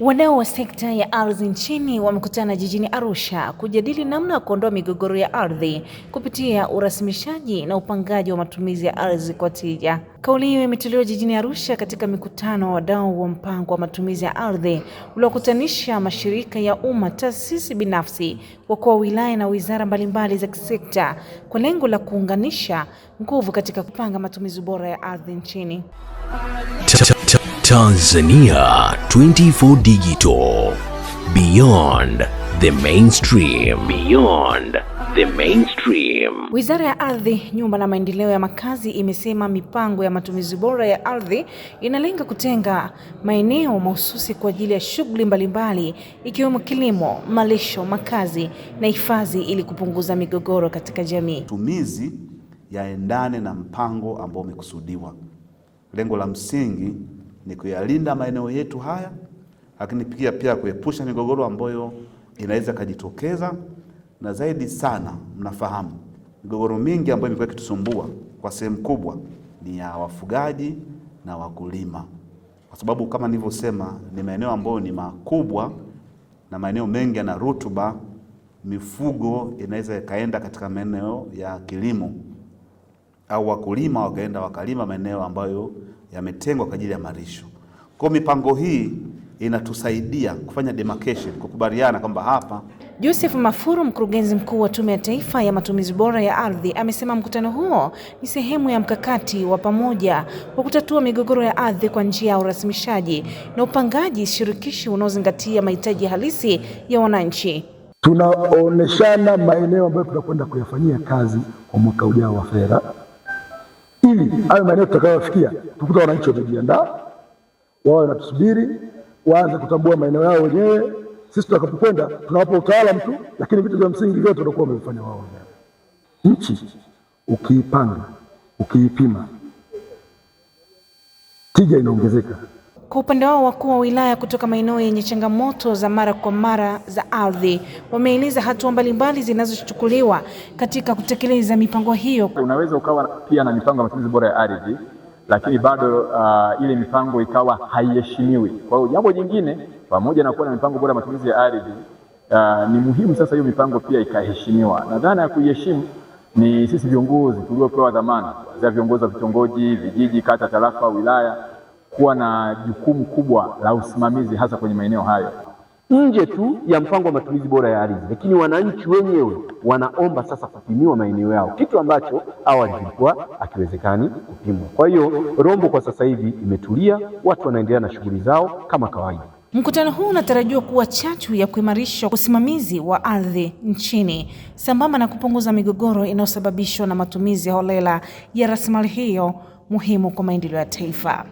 Wadau wa sekta ya ardhi nchini wamekutana jijini Arusha kujadili namna ya kuondoa migogoro ya ardhi kupitia urasimishaji na upangaji wa matumizi ya ardhi kwa tija. Kauli hiyo imetolewa jijini Arusha katika mikutano wa wadau wa mpango wa matumizi ya ardhi uliokutanisha mashirika ya umma, taasisi binafsi, wakuu wa wilaya na wizara mbalimbali za kisekta kwa lengo la kuunganisha nguvu katika kupanga matumizi bora ya ardhi nchini. Tanzania 24 Digital Beyond the Mainstream. Beyond the Mainstream. Wizara ya Ardhi, Nyumba na Maendeleo ya Makazi imesema mipango ya matumizi bora ya ardhi inalenga kutenga maeneo mahususi kwa ajili ya shughuli mbalimbali ikiwemo kilimo, malisho, makazi na hifadhi ili kupunguza migogoro katika jamii. Matumizi yaendane na mpango ambao umekusudiwa. Lengo la msingi ni kuyalinda maeneo yetu haya, lakini pia pia kuepusha migogoro ambayo inaweza kujitokeza, na zaidi sana mnafahamu migogoro mingi ambayo imekuwa ikitusumbua kwa sehemu kubwa ni ya wafugaji na wakulima, kwa sababu kama nilivyosema, ni maeneo ambayo ni makubwa na maeneo mengi yana rutuba. Mifugo inaweza ikaenda katika maeneo ya kilimo au wakulima wakaenda wakalima maeneo ambayo yametengwa kwa ajili ya malisho. Kwa mipango hii inatusaidia kufanya demarcation, kukubaliana kwamba hapa. Joseph Mafuru, mkurugenzi mkuu wa Tume ya Taifa ya Matumizi Bora ya Ardhi, amesema mkutano huo ni sehemu ya mkakati wa pamoja wa kutatua migogoro ya ardhi kwa njia ya urasimishaji na upangaji shirikishi unaozingatia mahitaji halisi ya wananchi. Tunaoneshana maeneo ambayo tunakwenda kuyafanyia kazi kwa mwaka ujao wa fedha ili hayo maeneo tutakayofikia tukuta wananchi wamejiandaa, wao wanatusubiri, waanze kutambua maeneo yao wenyewe. Sisi tutakapokwenda tunawapa utaalamu tu, lakini vitu vya msingi vyote watakuwa wamevifanya wao wenyewe. Nchi ukiipanga, ukiipima, tija inaongezeka. Kwa upande wao wakuu wa wilaya kutoka maeneo yenye changamoto za mara kwa mara za ardhi wameeleza hatua mbalimbali zinazochukuliwa katika kutekeleza mipango hiyo. Unaweza ukawa pia na mipango ya matumizi bora ya ardhi, lakini bado uh, ile mipango ikawa haiheshimiwi. Kwa hiyo jambo jingine, pamoja na kuwa na mipango bora ya matumizi ya ardhi uh, ni muhimu sasa hiyo mipango pia ikaheshimiwa, na dhana ya kuiheshimu ni sisi viongozi tuliopewa dhamana, za viongozi wa vitongoji, vijiji, kata, tarafa, wilaya kuwa na jukumu kubwa la usimamizi hasa kwenye maeneo hayo nje tu ya mpango wa matumizi bora ya ardhi, lakini wananchi wenyewe wanaomba sasa kupimiwa maeneo yao, kitu ambacho awali kilikuwa akiwezekani kupimwa. Kwa hiyo Rombo kwa sasa hivi imetulia, watu wanaendelea na shughuli zao kama kawaida. Mkutano huu unatarajiwa kuwa chachu ya kuimarisha usimamizi wa ardhi nchini sambamba na kupunguza migogoro inayosababishwa na matumizi ya holela ya rasilimali hiyo muhimu kwa maendeleo ya taifa.